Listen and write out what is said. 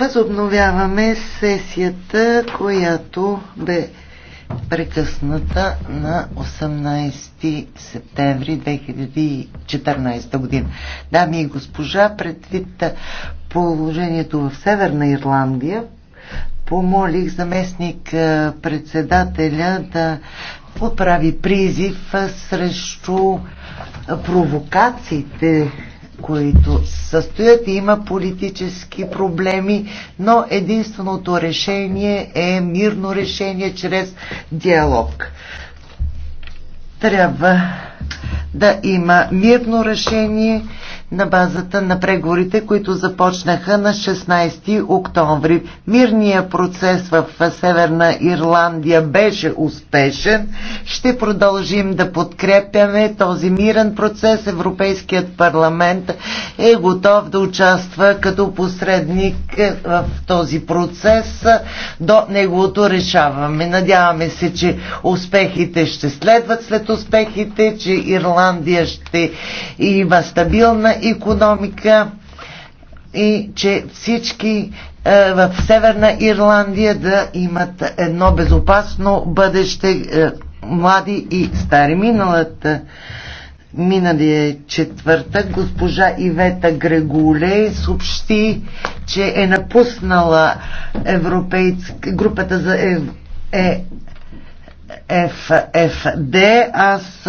Възобновяваме сесията, която бе прекъсната на 18 септември 2014 година. Дами и госпожа, предвид положението в Северна Ирландия, помолих заместник председателя да отправи призив срещу провокациите които състоят. и Има политически проблеми, но единственото решение е мирно решение чрез диалог. Трябва да има мирно решение на базата на преговорите, които започнаха на 16 октомври. Мирният процес в Северна Ирландия беше успешен. Ще продължим да подкрепяме този мирен процес. Европейският парламент е готов да участва като посредник в този процес до неговото решаваме. Надяваме се, че успехите ще следват след успехите, че Ирландия ще има стабилна економика и че всички е, в Северна Ирландия да имат едно безопасно бъдеще, е, млади и стари. Миналата миналия е четвъртък госпожа Ивета Грегуле съобщи, че е напуснала европейск... групата за е, е, Аз